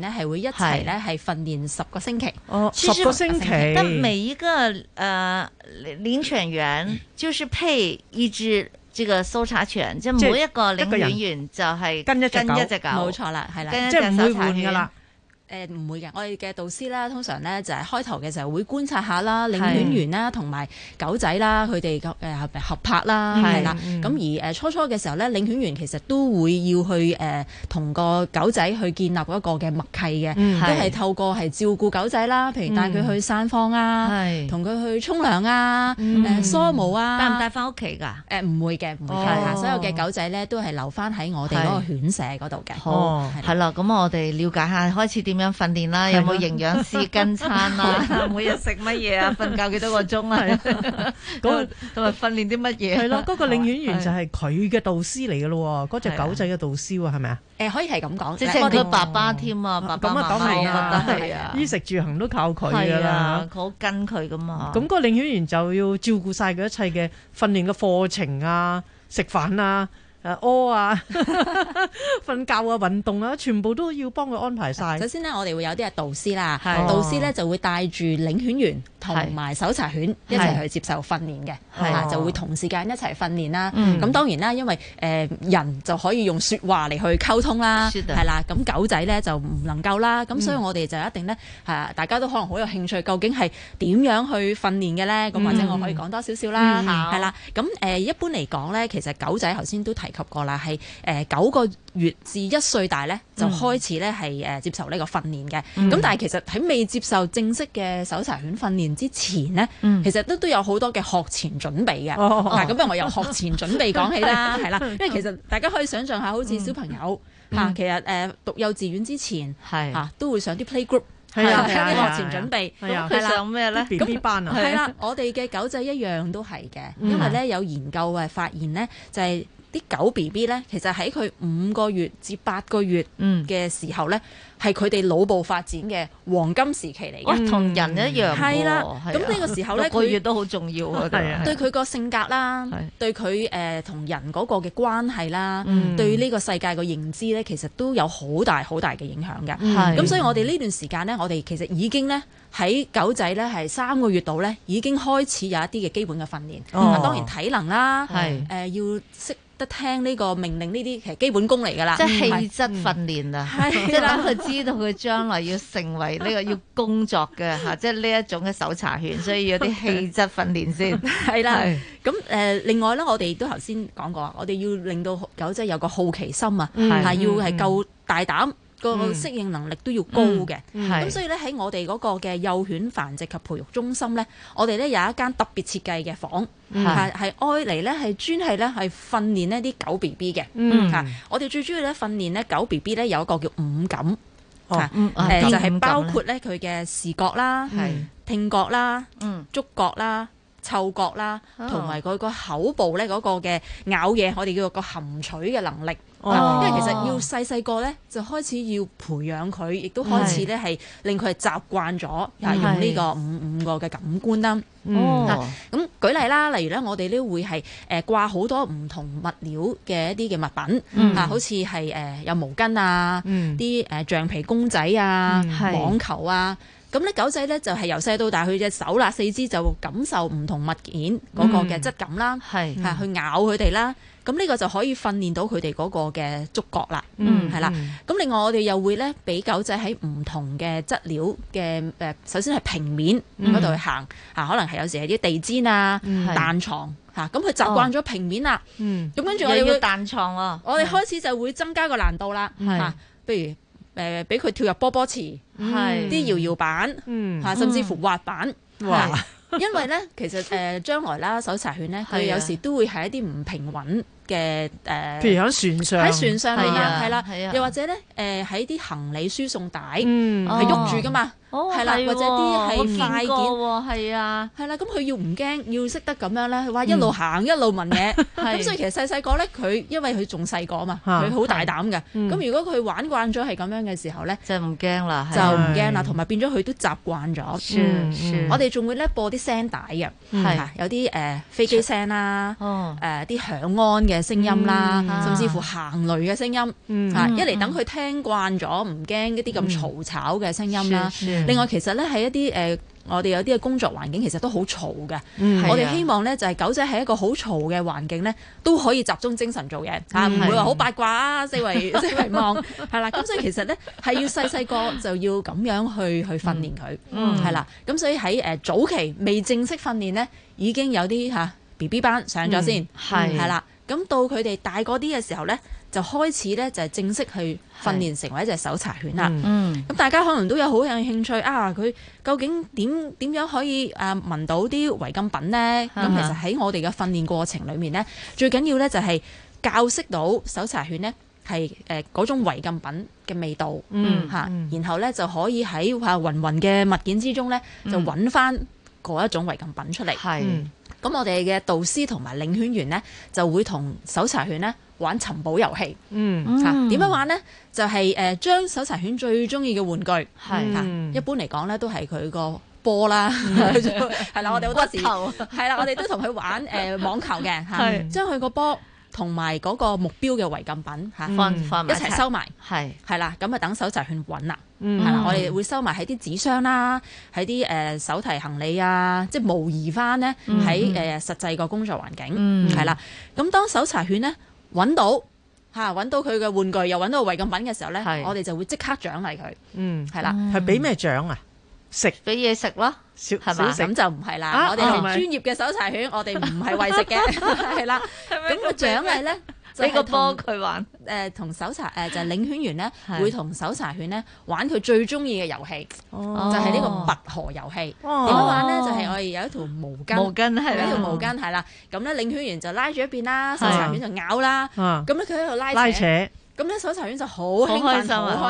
咧係會一齊咧係訓練十個星期，哦，呃、十個星期。但每一個誒、呃、領犬員就是配一支這個搜查犬，即係、嗯、每一個領犬員就係跟一隻狗，冇錯啦，係啦，跟一隻搜查犬噶啦。誒唔會嘅，我哋嘅導師啦，通常咧就係開頭嘅時候會觀察下啦，領犬員啦同埋狗仔啦，佢哋誒合拍啦，係啦。咁而誒初初嘅時候咧，領犬員其實都會要去誒同個狗仔去建立一個嘅默契嘅，都係透過係照顧狗仔啦，譬如帶佢去散放啊，同佢去沖涼啊，誒梳毛啊。帶唔帶翻屋企㗎？誒唔會嘅，唔會嘅，所有嘅狗仔咧都係留翻喺我哋嗰個犬舍嗰度嘅。好，係啦，咁我哋了解下開始點。咁樣訓練啦，有冇營養師跟餐啊？每日食乜嘢啊？瞓覺幾多個鐘啊？咁同埋訓練啲乜嘢？係咯，嗰個領犬員就係佢嘅導師嚟嘅咯，嗰隻狗仔嘅導師啊，係咪啊？誒，可以係咁講，即係佢爸爸添啊，爸爸媽媽啊，衣食住行都靠佢噶啦，好佢跟佢噶嘛。咁個領犬員就要照顧晒佢一切嘅訓練嘅課程啊，食飯啊。屙啊，瞓、uh, oh, uh, *laughs* 覺啊，運 *laughs* 動啊，全部都要幫佢安排晒。首先呢，我哋會有啲係導師啦，是導師呢就會帶住領犬員同埋搜查犬一齊去接受訓練嘅，是是就會同時間一齊訓練啦。咁、嗯、當然啦，因為誒、呃、人就可以用說話嚟去溝通啦，係的啦，咁狗仔呢就唔能夠啦。咁、嗯、所以我哋就一定呢，誒、啊，大家都可能好有興趣，究竟係點樣去訓練嘅呢？咁、嗯、或者我可以講多少少啦，吓、嗯，係啦。咁誒、呃，一般嚟講呢，其實狗仔頭先都提。及過啦，係誒九個月至一歲大咧就開始咧係誒接受呢個訓練嘅。咁但係其實喺未接受正式嘅搜查犬訓練之前咧，其實都都有好多嘅學前準備嘅。嗱，咁啊，我由學前準備講起啦，係啦，因為其實大家可以想像下，好似小朋友嚇，其實誒讀幼稚園之前係嚇都會上啲 play group，係啊，啲學前準備係啊，其實有咩咧？咁 BB 班啊，係啦，我哋嘅狗仔一樣都係嘅，因為咧有研究係發現咧就係。啲狗 BB 咧，其實喺佢五個月至八個月嘅時候咧，係佢哋腦部發展嘅黃金時期嚟嘅，同人一樣。係啦，咁呢個時候咧，五個月都好重要啊，對佢個性格啦，對佢誒同人嗰個嘅關係啦，對呢個世界嘅認知咧，其實都有好大好大嘅影響嘅。咁所以我哋呢段時間咧，我哋其實已經咧喺狗仔咧係三個月度咧已經開始有一啲嘅基本嘅訓練，啊當然體能啦，誒要識。得聽呢個命令這些，呢啲其實基本功嚟㗎啦，即係氣質訓練啊，嗯、是的，即係等佢知道佢將來要成為呢個要工作嘅嚇， *laughs* 即係呢一種嘅搜查犬，所以要有啲氣質訓練先係啦。咁誒、呃，另外咧，我哋都頭先講過，我哋要令到狗仔有個好奇心啊，係的要係夠大膽。個、嗯、適應能力都要高嘅，咁、嗯嗯、所以咧喺我哋嗰個嘅幼犬繁殖及培育中心咧，我哋咧有一間特別設計嘅房，係係愛嚟咧係專係咧係訓練咧啲狗 B B 嘅，嚇、嗯、我哋最主要咧訓練咧狗 B B 咧有一個叫五感，嚇就係包括咧佢嘅視覺啦、係是聽覺啦、嗯觸覺啦、嗯、嗅覺啦，同埋佢個口部咧嗰個嘅咬嘢，我哋叫做個含取嘅能力。哦、因為其實要細細個咧，就開始要培養佢，亦都開始咧係令佢係習慣咗啊，是用呢個五五個嘅感官啦。哦，咁舉例啦，例如咧，我哋都會係誒掛好多唔同物料嘅一啲嘅物品，嗯、啊，好似係誒有毛巾啊，啲誒、嗯啊、橡皮公仔啊，嗯、網球啊，咁、那、咧、個、狗仔咧就係由細到大，佢隻手啦，四肢就會感受唔同物件嗰個嘅質感、嗯啊、啦，係去咬佢哋啦。咁呢個就可以訓練到佢哋嗰個嘅觸覺啦，嗯，係啦。咁另外我哋又會咧俾狗仔喺唔同嘅質料嘅誒，首先係平面嗰度去行嚇，可能係有時係啲地氈啊、彈床。嚇，咁佢習慣咗平面啦，咁跟住我哋會彈床喎，我哋開始就會增加個難度啦，嚇是，不、啊、如誒俾佢跳入波波池，啲是搖搖板、嗯嗯啊，甚至乎滑板，哇、嗯！ *laughs* 因為咧，其實誒將來啦，搜查犬咧，佢有時都會係一啲唔平穩嘅誒，譬如喺船上，喺船上嚟嘅，係啦，又或者咧誒，喺啲行李輸送帶，係喐住噶嘛，係啦，或者啲係快件，係啊，係啦，咁佢要唔驚，要識得咁樣咧，話一路行一路問嘢，咁所以其實細細個咧，佢因為佢仲細個啊嘛，佢好大膽嘅，咁如果佢玩慣咗係咁樣嘅時候咧，就唔驚啦，就唔驚啦，同埋變咗佢都習慣咗。我哋仲會咧播啲聲帶嘅，係有啲誒飛機聲啦，誒啲響安嘅。聲音啦，甚至乎行雷嘅聲音，吓，一嚟，等佢聽慣咗，唔驚一啲咁嘈吵嘅聲音啦。另外，其實咧係一啲誒，我哋有啲嘅工作環境其實都好嘈嘅。我哋希望咧就係狗仔喺一個好嘈嘅環境咧，都可以集中精神做嘢，吓，唔會話好八卦啊，四圍四圍望係啦。咁所以其實咧係要細細個就要咁樣去去訓練佢，係啦。咁所以喺誒早期未正式訓練咧，已經有啲吓 BB 班上咗先，係係啦。咁到佢哋大個啲嘅時候呢，就開始呢，就係正式去訓練成為一隻搜查犬啦。咁、嗯嗯、大家可能都有好有興趣啊！佢究竟點點樣，樣可以誒聞到啲違禁品呢？咁的其實喺我哋嘅訓練過程裡面呢，最緊要呢，就係教識到搜查犬呢係誒嗰種違禁品嘅味道，嚇、嗯，嗯、然後呢，就可以喺芸芸嘅物件之中呢，就揾翻嗰一種違禁品出嚟。係的。嗯咁我哋嘅導師同埋領犬員呢，就會同搜查犬呢玩尋寶遊戲。嗯，嚇點、啊、樣玩呢？就係誒將搜查犬最中意嘅玩具，嚇、嗯啊、一般嚟講呢，都係佢個波啦，係啦，我哋好多時候，係頭、啊、啦，我哋都同佢玩誒、呃、網球嘅嚇，將佢個波同埋嗰個目標嘅違禁品嚇，啊嗯、一齊收埋，係係、嗯、是啦，咁啊等搜查犬揾啦。嗯，係啦，我哋會收埋喺啲紙箱啦，喺啲誒手提行李啊，即係模擬翻呢，喺誒實際個工作環境，係啦。咁當搜查犬呢，揾到吓揾到佢嘅玩具，又揾到違禁品嘅時候呢，我哋就會即刻獎勵佢。嗯，係啦，係俾咩獎啊？食俾嘢食咯，係嘛？咁就唔係啦，我哋係專業嘅搜查犬，我哋唔係餵食嘅，係啦。咁個獎勵呢？呢個波佢玩，誒同、呃、搜查誒、呃、就係、是、領犬員咧，是會同搜查犬咧玩佢最中意嘅遊戲，哦、就係呢個拔河遊戲。點樣、哦、玩咧？就係、是、我哋有一條毛巾，呢、啊、條毛巾係啦。咁咧、啊嗯、領犬員就拉住一邊啦，搜查犬就咬啦。咁咧佢喺度拉扯。咁咧，搜查犬就好興奮，好開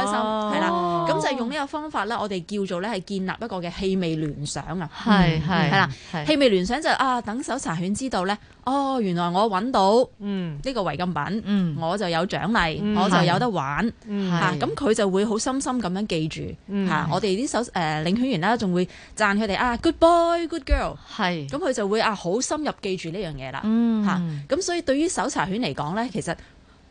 心，係啦。咁就係用呢個方法咧，我哋叫做咧係建立一個嘅氣味聯想啊。係係係啦，氣味聯想就啊，等搜查犬知道咧，哦，原來我搵到，嗯，呢個違禁品，嗯，我就有獎勵，我就有得玩，嗯，啊，咁佢就會好深深咁樣記住，吓，我哋啲手誒領犬員啦，仲會讚佢哋啊，good boy，good girl，係，咁佢就會啊，好深入記住呢樣嘢啦，吓，咁所以對於搜查犬嚟講咧，其實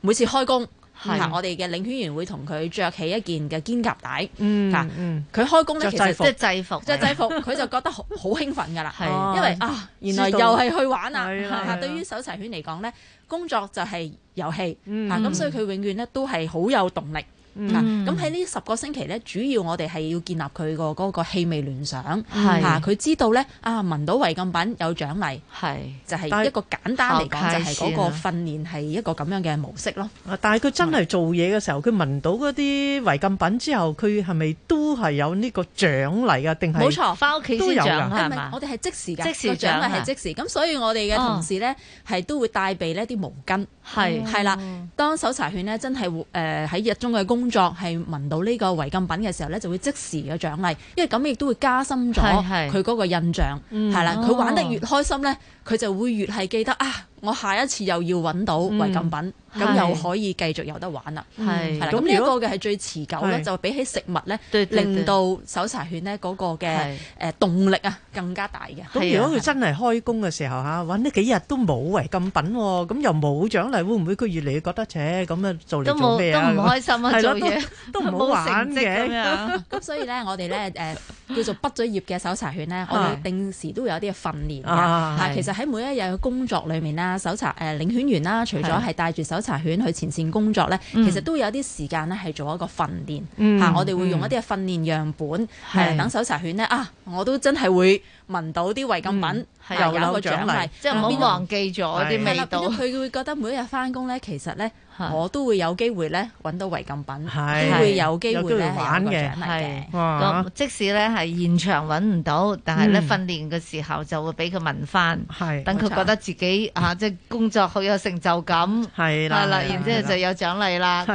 每次開工。嗱、啊，我哋嘅領犬員會同佢着起一件嘅肩夾帶，嗱、嗯，佢、啊、開工咧其實即係制服，即係制服，佢、啊、就覺得好 *laughs* 興奮㗎啦，啊、因為啊，原來道又係去玩啊！嚇、啊，啊、對於手殘犬嚟講咧，工作就係遊戲，嗯、啊，咁所以佢永遠咧都係好有動力。嗱，咁喺呢十個星期咧，主要我哋係要建立佢個嗰個氣味聯想，係是，嗱佢知道咧，啊聞到違禁品有獎勵，係是，就係一個簡單嚟講，就係嗰個訓練係一個咁樣嘅模式咯。但係佢真係做嘢嘅時候，佢聞到嗰啲違禁品之後，佢係咪都係有呢個獎勵啊？定係，冇錯，翻屋企都有㗎，係嘛？我哋係即時㗎，個獎勵係即時的。咁所以我哋嘅同事咧係、哦、都會帶備呢啲毛巾，係係、嗯、啦。當搜查犬咧真係會誒喺日中嘅工作係聞到呢個違禁品嘅時候咧，就會即時嘅獎勵，因為咁亦都會加深咗佢嗰個印象，嗯，係啦，佢玩得越開心咧，佢就會越係記得啊。我下一次又要揾到違禁品，咁又可以繼續有得玩啦。係啦，咁呢一個嘅係最持久啦，就比起食物咧，令到搜查犬咧嗰個嘅誒動力啊更加大嘅。咁如果佢真係開工嘅時候吓揾呢幾日都冇違禁品，咁又冇獎勵，會唔會佢越嚟越覺得，且咁啊做嚟做咩啊？都冇都唔開心啊！做嘢都冇成績㗎咩？咁所以咧，我哋咧誒。叫做畢咗業嘅搜查犬咧，啊、我哋定時都會有啲嘅訓練啊、啊。其實喺每一日嘅工作裏面啦，搜查誒、呃、領犬員啦，除咗係帶住搜查犬去前線工作咧，是其實都會有啲時間咧係做一個訓練嚇、嗯啊。我哋會用一啲嘅訓練樣本，係等是、啊、搜查犬咧啊，我都真係會聞到啲違禁品，嗯啊、又有個獎勵，即係唔好忘記咗啲味道。佢 *laughs* 會覺得每一日翻工咧，其實咧。我都會有機會咧揾到違禁品，會有機會去玩嘅，係哇！即使咧係現場揾唔到，但係咧訓練嘅時候就會俾佢聞翻，係等佢覺得自己即係工作好有成就感，係啦，係啦，然之後就有獎勵啦，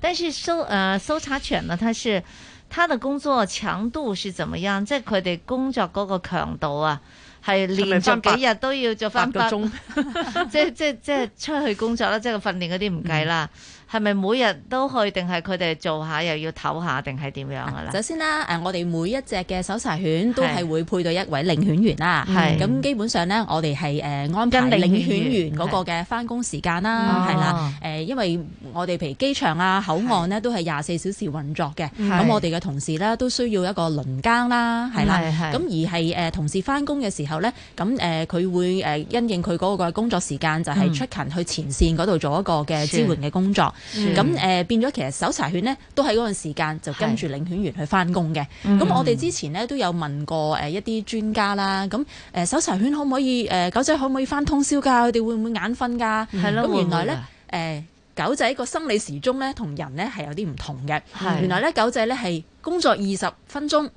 但是搜誒搜查犬呢，它是他的工作強度是點樣？即係佢哋工作嗰個強度啊！係連續幾日都要做翻八個鐘，即係即係即係出去工作啦，即係個訓練嗰啲唔計啦。嗯係咪每日都去？定係佢哋做下又要唞下？定係點樣嘅啦？首先啦，我哋每一隻嘅搜查犬都係會配對一位領犬員啦。咁是，基本上咧，我哋係誒安排領犬員嗰個嘅翻工時間啦，係啦、哦。因為我哋譬如機場啊、口岸咧，都係廿四小時運作嘅。咁是我哋嘅同事咧都需要一個輪更啦，係啦。咁是而係同事翻工嘅時候咧，咁佢會因應佢嗰個工作時間，就係、是、出勤去前線嗰度做一個嘅支援嘅工作。咁誒、嗯呃、變咗，其實搜查犬呢都喺嗰陣時間就跟住領犬員去翻工嘅。咁的我哋之前呢都有問過一啲專家啦。咁誒、呃、搜查犬可唔可以、呃、狗仔可唔可以翻通宵㗎？佢哋會唔會眼瞓㗎？係咯的。咁原來呢，誒、嗯呃、狗仔個生理時鐘呢同人呢係有啲唔同嘅。的原來呢，狗仔呢係工作二十分鐘，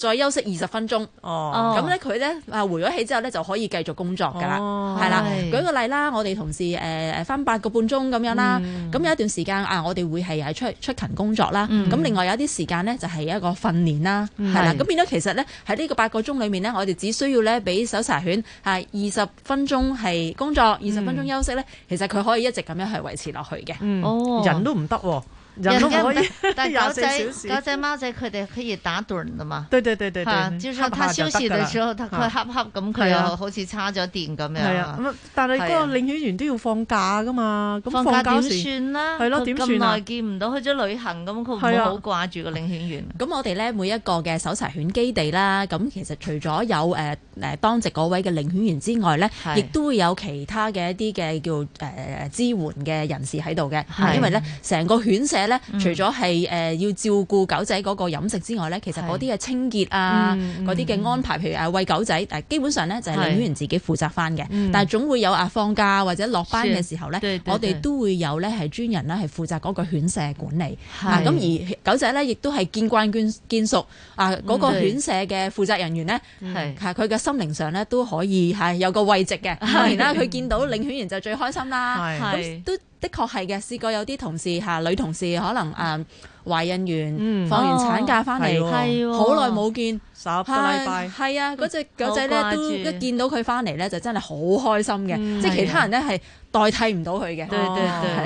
再休息二十分鐘，咁咧佢咧啊，回咗氣之後咧就可以繼續工作噶啦，係啦。舉個例啦，我哋同事誒誒返八個半鐘咁樣啦，咁、嗯、有一段時間啊，我哋會係係出出勤工作啦，咁、嗯、另外有一啲時間咧就係一個訓練啦，係啦、嗯。咁變咗其實咧喺呢個八個鐘裏面咧，我哋只需要咧俾搜查犬係二十分鐘係工作，二十分鐘休息咧，嗯、其實佢可以一直咁樣係維持落去嘅，嗯、人都唔得喎。人家但狗仔、狗仔貓仔佢哋可以打盹噶嘛？對對對對就是佢休息嘅時候，佢瞌瞌咁佢又好似叉咗電咁樣。係啊，但係嗰個領犬員都要放假噶嘛？放假點算啦？係咯，點算啊？咁耐見唔到，去咗旅行咁，佢唔會好掛住個領犬員。咁我哋咧每一個嘅搜查犬基地啦，咁其實除咗有誒誒當值嗰位嘅領犬員之外咧，亦都會有其他嘅一啲嘅叫誒支援嘅人士喺度嘅，因為咧成個犬舍。除咗係誒要照顧狗仔嗰個飲食之外咧，其實嗰啲嘅清潔啊，嗰啲嘅安排，譬如誒餵狗仔，誒基本上咧就係領犬員自己負責翻嘅。但係總會有啊放假或者落班嘅時候咧，我哋都會有咧係專人咧係負責嗰個犬舍管理。咁而狗仔咧亦都係見慣見見熟啊嗰個犬舍嘅負責人員咧係佢嘅心靈上咧都可以係有個慰藉嘅。當然啦，佢見到領犬員就最開心啦。係都。的確係嘅，試過有啲同事嚇、啊、女同事可能誒。啊懷孕完，放完產假翻嚟，好耐冇見，十個禮拜，係啊，嗰隻狗仔咧都一見到佢翻嚟咧，就真係好開心嘅，即係其他人咧係代替唔到佢嘅，對對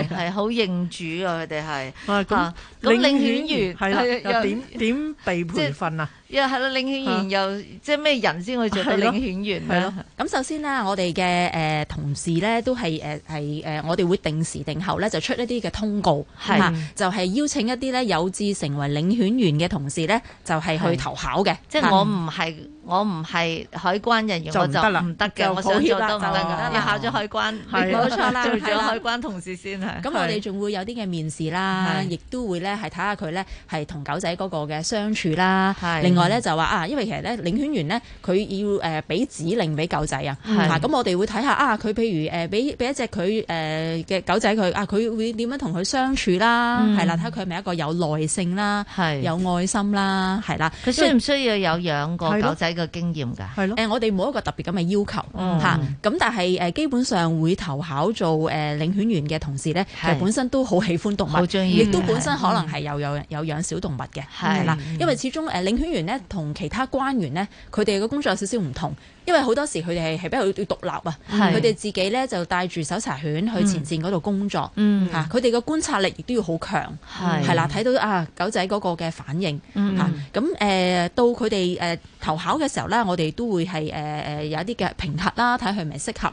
對，係好認主啊，佢哋係咁領犬員啦，又點點被培訓啊？又係啦，領犬員又即係咩人先可以做到領犬員咧？咁首先咧，我哋嘅誒同事咧都係誒係誒，我哋會定時定候咧就出一啲嘅通告，就係邀請一啲咧。有志成為領犬員嘅同事咧，就係去投考嘅，即係我唔係。我唔係海關人員，我就得唔得嘅？我想做得，你考咗海關，冇錯啦，做咗海關同事先係。咁我哋仲會有啲嘅面試啦，亦都會咧係睇下佢咧係同狗仔嗰個嘅相處啦。另外咧就話啊，因為其實咧領犬員咧佢要誒俾指令俾狗仔啊，咁我哋會睇下啊，佢譬如誒俾俾一隻佢誒嘅狗仔佢啊，佢會點樣同佢相處啦？係啦，睇下佢係咪一個有耐性啦，有愛心啦，係啦，佢需唔需要有養過狗仔？呢個經驗噶係咯，誒、呃，我哋冇一個特別咁嘅要求吓，咁、嗯啊、但係誒、呃，基本上會投考做誒、呃、領犬員嘅同事咧，是其實本身都好喜歡動物，亦都本身可能係有、嗯、有有養小動物嘅係啦，是嗯、因為始終誒領犬員咧同其他官員咧，佢哋嘅工作有少少唔同。因為好多時佢哋係係比較要要獨立啊，佢哋自己咧就帶住搜查犬去前線嗰度工作嚇，佢哋嘅觀察力亦都要好強，係啦，睇到啊狗仔嗰個嘅反應，咁誒到佢哋誒投考嘅時候咧，我哋都會係誒誒有一啲嘅評核啦，睇佢係咪適合，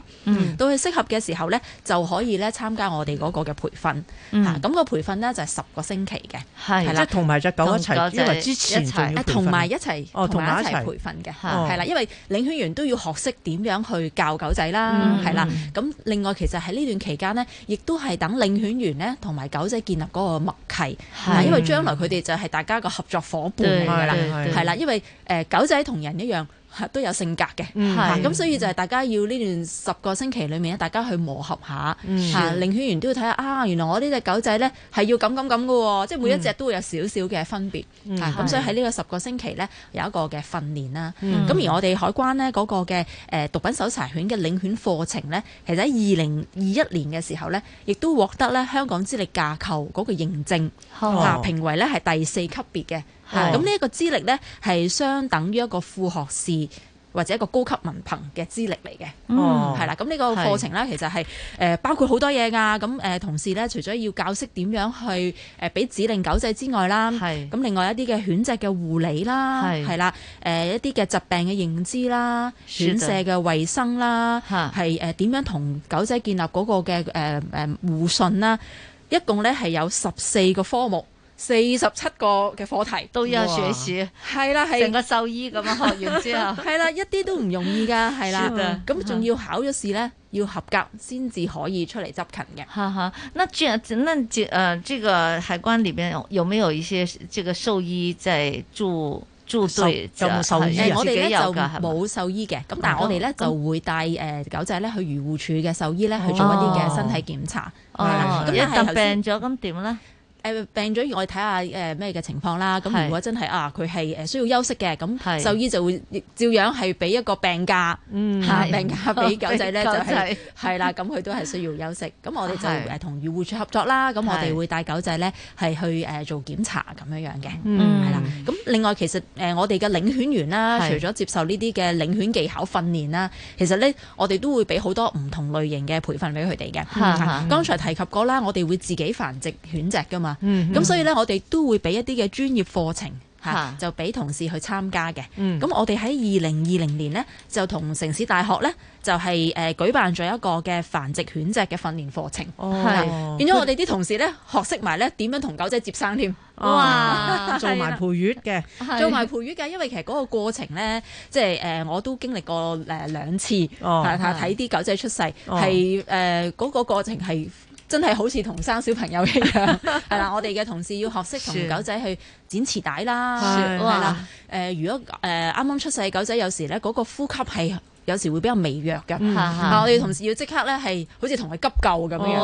到佢適合嘅時候咧，就可以咧參加我哋嗰個嘅培訓，咁個培訓咧就係十個星期嘅，係啦，即係同埋隻狗一齊，即係一齊，同埋一齊，同埋一齊培訓嘅，係啦，因為領犬員都。都要學識點樣去教狗仔啦，係、嗯、啦。咁另外，其實喺呢段期間呢，亦都係等領犬員呢同埋狗仔建立嗰個默契，是因為將來佢哋就係大家個合作夥伴嚟嘅啦，係啦。因為誒、呃，狗仔同人一樣，都有性格嘅，咁、嗯、所以就係大家要呢段十個星期裏面咧，大家去磨合一下嚇、嗯啊、領犬員都要睇下啊，原來我呢隻狗仔咧係要咁咁咁嘅喎。嗯、即係每一隻都會有少少嘅分別，咁、嗯啊、所以喺呢個十個星期咧有一個嘅訓練啦。咁、嗯啊、而我哋海關咧嗰、那個嘅誒毒品搜查犬嘅領犬課程咧，其實喺二零二一年嘅時候咧，亦都獲得咧香港資歷架構嗰個認證，啊、哦、評為咧係第四級別嘅。咁呢一個資歷咧係相等於一個副學士或者一個高級文憑嘅資歷嚟嘅。嗯、哦，係啦，咁呢個課程咧其實係、呃、包括好多嘢㗎。咁、呃、同事咧除咗要教識點樣去畀俾、呃、指令狗仔之外啦，係咁是另外一啲嘅犬隻嘅護理啦，係啦是、呃，一啲嘅疾病嘅認知啦，犬舍嘅衛生啦，係誒點樣同狗仔建立嗰個嘅、呃呃、互信啦，一共咧係有十四個科目。四十七個嘅課題都要試一試，係啦，係成個獸醫咁樣學完之後，係啦，一啲都唔容易噶，係啦。咁仲要考咗試咧，要合格先至可以出嚟執勤嘅。那即係，那即誒，呢個海關裏邊有有冇有一些即個獸醫即係做做獸醫，我哋就冇獸醫嘅，咁但係我哋咧就會帶誒狗仔咧去漁護署嘅獸醫咧去做一啲嘅身體檢查。哦，咁一病咗咁點咧？病咗，我哋睇下咩嘅情況啦。咁如果真係是啊，佢係需要休息嘅，咁獸醫就會照樣係俾一個病假，是啊、病假俾狗仔咧就係係啦。咁佢都係需要休息。咁我哋就誒同漁護處合作啦。咁我哋會帶狗仔咧係是去、呃、做檢查咁樣樣嘅。係、嗯、啦。咁另外其實、呃、我哋嘅領犬員啦，是除咗接受呢啲嘅領犬技巧訓練啦，其實咧我哋都會俾好多唔同類型嘅培訓俾佢哋嘅。嚇是、啊、剛才提及過啦，我哋會自己繁殖犬隻噶嘛。咁、嗯嗯、所以咧，我哋都會俾一啲嘅專業課程吓是、啊，就俾同事去參加嘅。咁、嗯、我哋喺二零二零年呢，就同城市大學呢，就係、是、誒、呃、舉辦咗一個嘅繁殖犬隻嘅訓練課程。係、哦，變咗我哋啲同事呢，學識埋呢點樣同狗仔接生添，做埋培育嘅，做埋培育嘅。因為其實嗰個過程呢，即係誒我都經歷過誒兩次，睇啲、哦呃、狗仔出世，係誒嗰個過程係。真係好似同生小朋友一樣，係 *laughs* 啦！我哋嘅同事要學識同狗仔去剪臍帶啦，係 *laughs* 啦。誒、呃，如果誒啱啱出世嘅狗仔有時咧，嗰個呼吸係有時會比較微弱嘅，嗯、是是我哋同事要即刻咧係好似同佢急救咁樣嘅，係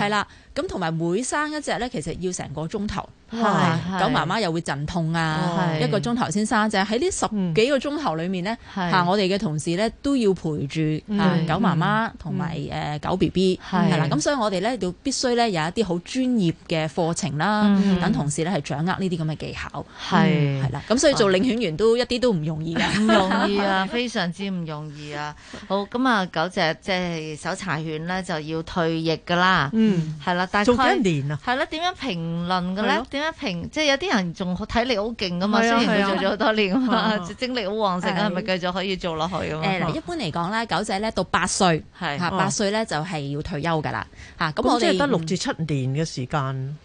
哇啦。咁同埋每生一隻咧，其實要成個鐘頭，狗媽媽又會陣痛啊，一個鐘頭先生一隻。喺呢十幾個鐘頭裏面呢，嚇我哋嘅同事呢都要陪住狗媽媽同埋誒狗 B B 係啦。咁所以我哋呢就必須呢有一啲好專業嘅課程啦，等同事呢係掌握呢啲咁嘅技巧係係啦。咁所以做領犬員都一啲都唔容易嘅，唔容易啊，非常之唔容易啊。好，咁啊九隻即係搜查犬呢就要退役㗎啦，嗯係啦。做咗一年啊，係啦，點樣評論嘅咧？點的樣評？即係有啲人仲體力好勁噶嘛，的雖然佢做咗好多年啊嘛，的精力好旺盛啊，係咪繼續可以做落去啊？誒、呃，嗱，一般嚟講咧，狗仔咧到八歲係吓，的八歲咧就係、是、要退休噶啦吓。咁的我哋得六至七年嘅時間。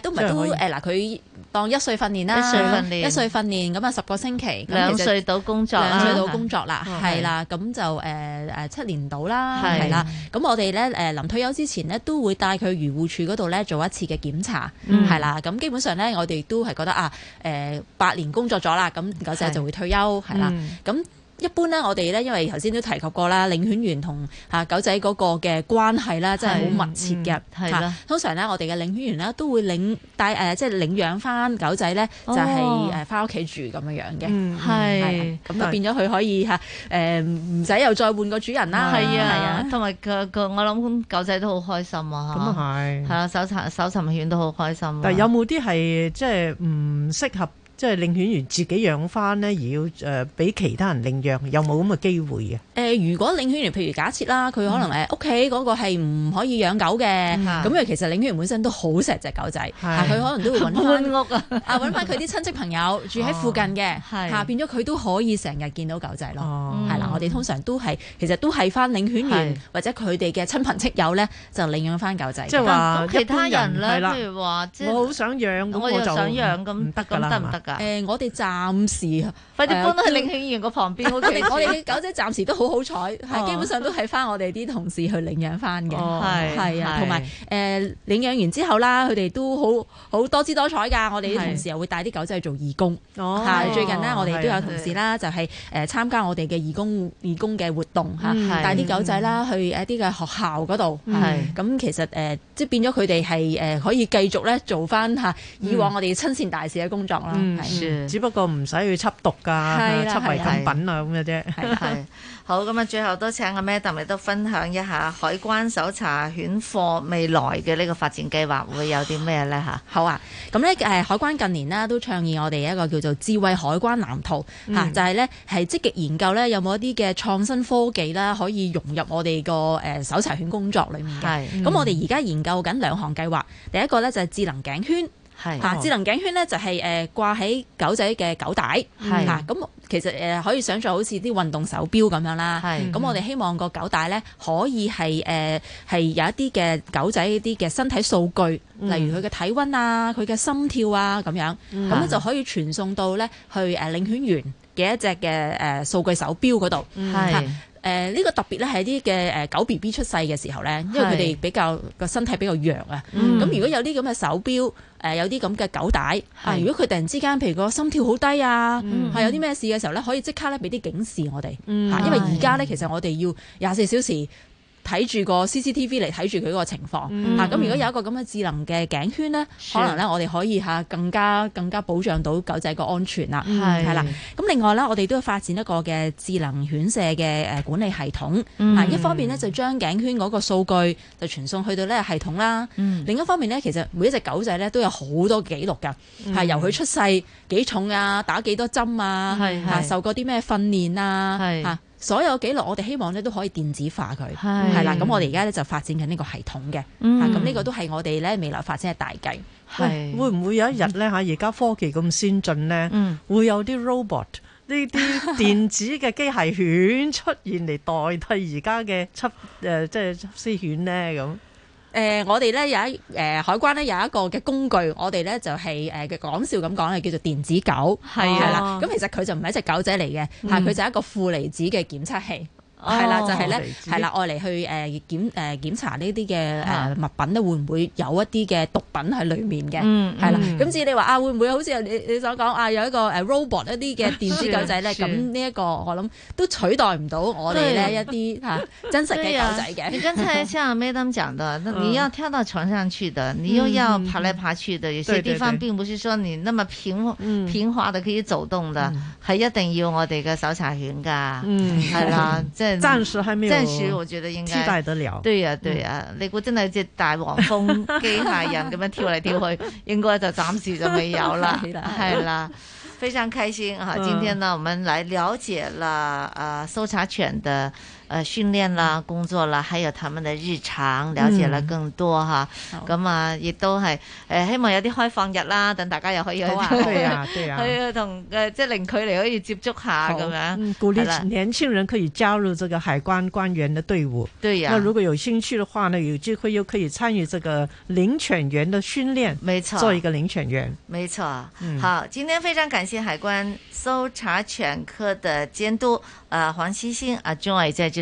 都唔係都，誒嗱，佢當一歲訓練啦，一歲訓練，一歲訓練咁啊，十個星期，兩歲到工作，兩歲到工作啦，係啦，咁就誒誒七年到啦，係啦，咁我哋咧誒臨退休之前咧都會帶佢漁護署嗰度咧做一次嘅檢查，係啦，咁基本上咧我哋都係覺得啊，誒八年工作咗啦，咁狗仔就會退休，係啦，咁。一般咧，我哋咧，因為頭先都提及過啦，領犬員同狗仔嗰個嘅關係啦，真係好密切嘅。係啦，嗯、通常咧，我哋嘅領犬員咧都會領帶誒，即係領養翻狗仔咧，就係誒翻屋企住咁、哦、樣嘅。嗯，係。咁就變咗佢可以嚇誒唔使又再換個主人啦。係啊的，同埋個個我諗狗仔都好開心啊。咁啊係。係啊，搜尋搜尋犬都好開心。但有冇啲係即係唔適合？即係領犬員自己養翻呢，而要誒俾其他人領養，有冇咁嘅機會嘅？誒，如果領犬員譬如假設啦，佢可能誒屋企嗰個係唔可以養狗嘅，咁其實領犬員本身都好錫隻狗仔，佢可能都會揾翻屋啊，揾翻佢啲親戚朋友住喺附近嘅，嚇變咗佢都可以成日見到狗仔咯。係啦，我哋通常都係其實都係翻領犬員或者佢哋嘅親朋戚友咧，就領養翻狗仔。即係話，其他人咧，譬如話，我好想養，我又想養，咁唔得㗎啦，得唔得㗎？誒，我哋暫時快啲搬到去領養員個旁邊。我哋我哋嘅狗仔暫時都好好彩，基本上都係翻我哋啲同事去領養翻嘅。係係啊，同埋誒領養完之後啦，佢哋都好好多姿多彩㗎。我哋啲同事又會帶啲狗仔去做義工。最近呢，我哋都有同事啦，就係誒參加我哋嘅義工義工嘅活動嚇，帶啲狗仔啦去一啲嘅學校嗰度。咁，其實誒即係變咗佢哋係誒可以繼續咧做翻嚇以往我哋親善大使嘅工作啦。只不過唔使去緝毒噶，緝違禁品啊咁嘅啫。係啦，係。好，咁啊，最後都請阿 Madam 亦都分享一下海關搜查犬課未來嘅呢個發展計劃會有啲咩咧？吓，好啊。咁咧，誒，海關近年咧都倡議我哋一個叫做智慧海關藍圖吓，就係咧係積極研究咧有冇一啲嘅創新科技啦，可以融入我哋個誒搜查犬工作裏面嘅。咁我哋而家研究緊兩項計劃，第一個咧就係智能頸圈。係，嚇智能頸圈咧就係、是、誒、呃、掛喺狗仔嘅狗帶，嚇咁是、啊、其實誒、呃、可以想像好似啲運動手錶咁樣啦，咁是我哋希望個狗帶咧可以係誒係有一啲嘅狗仔啲嘅身體數據，嗯、例如佢嘅體温啊、佢嘅心跳啊咁樣，咁咧、嗯、就可以傳送到咧去誒領犬員嘅一隻嘅誒、呃、數據手錶嗰度，係是。啊誒呢、呃這個特別咧係啲嘅誒狗 B B 出世嘅時候咧，因為佢哋比較個身體比較弱啊。咁、嗯、如果有啲咁嘅手錶，誒、呃、有啲咁嘅狗帶啊，是如果佢突然之間譬如個心跳好低啊，係、嗯、有啲咩事嘅時候咧，可以即刻咧俾啲警示我哋嚇，嗯、因為而家咧其實我哋要廿四小時。睇住個 CCTV 嚟睇住佢個情況，咁、嗯啊、如果有一個咁嘅智能嘅頸圈咧，的可能咧我哋可以更加更加保障到狗仔個安全啦，係啦的。咁另外咧，我哋都發展一個嘅智能犬舍嘅管理系統，嗱、嗯啊、一方面咧就將頸圈嗰個數據就傳送去到咧系統啦。嗯、另一方面咧，其實每一隻狗仔咧都有好多記錄㗎、嗯，由佢出世幾重啊，打幾多針啊,的啊，受過啲咩訓練啊，所有記錄，我哋希望咧都可以電子化佢，係啦是。咁我哋而家咧就發展緊呢個系統嘅，咁呢個都係我哋咧未來發展嘅大計。係會唔會有一日咧嚇？而家科技咁先進咧，嗯、會有啲 robot 呢啲電子嘅機械犬出現嚟代替而家嘅緝誒，即係緝私犬咧咁？誒、呃，我哋咧有一誒、呃、海關咧有一個嘅工具，我哋咧就係誒嘅講笑咁講係叫做電子狗係啦，咁、哦、其實佢就唔係一隻狗仔嚟嘅，係佢就係一個負離子嘅檢測器。係啦，就係咧，係啦，愛嚟去誒檢誒檢查呢啲嘅誒物品咧，會唔會有一啲嘅毒品喺裡面嘅？係啦，咁至於你話啊，會唔會好似你你所講啊，有一個誒 robot 一啲嘅電子狗仔咧？咁呢一個我諗都取代唔到我哋呢一啲嚇真實嘅狗仔嘅。你剛才像 Madam 講的，你要跳到床上去的，你又要爬來爬去的，有些地方並唔係說你那麼平平滑就可以走動的，係一定要我哋嘅搜查犬噶，係啦，即係。暫時還沒有，暫時我覺得應該替代得了。對呀、啊，對呀、啊，嗯、你估真係隻大黃蜂機械人咁樣，樣跳嚟跳去， *laughs* 應該就暫時就未有了，係啦 *laughs* 的，非常開心啊！嗯、今天呢，我們來了解了啊、呃，搜查犬的。誒訓練啦，工作啦，還有他們的日常，了解了更多哈。咁啊、嗯，亦、嗯、都係誒、呃、希望有啲開放日啦，等大家又可以去玩，對啊， *laughs* 對啊，對啊，去同誒即係零距離可以接觸下咁好樣，鼓勵年輕人可以加入這個海關官員的隊伍。對啊，那如果有興趣的話呢，有機會又可以參與這個領犬員的訓練，沒錯錯，做一個領犬員。沒錯錯，嗯、好，今天非常感謝海關搜查犬課的監督，誒、呃、黃惜忻阿 Joy、啊、在這。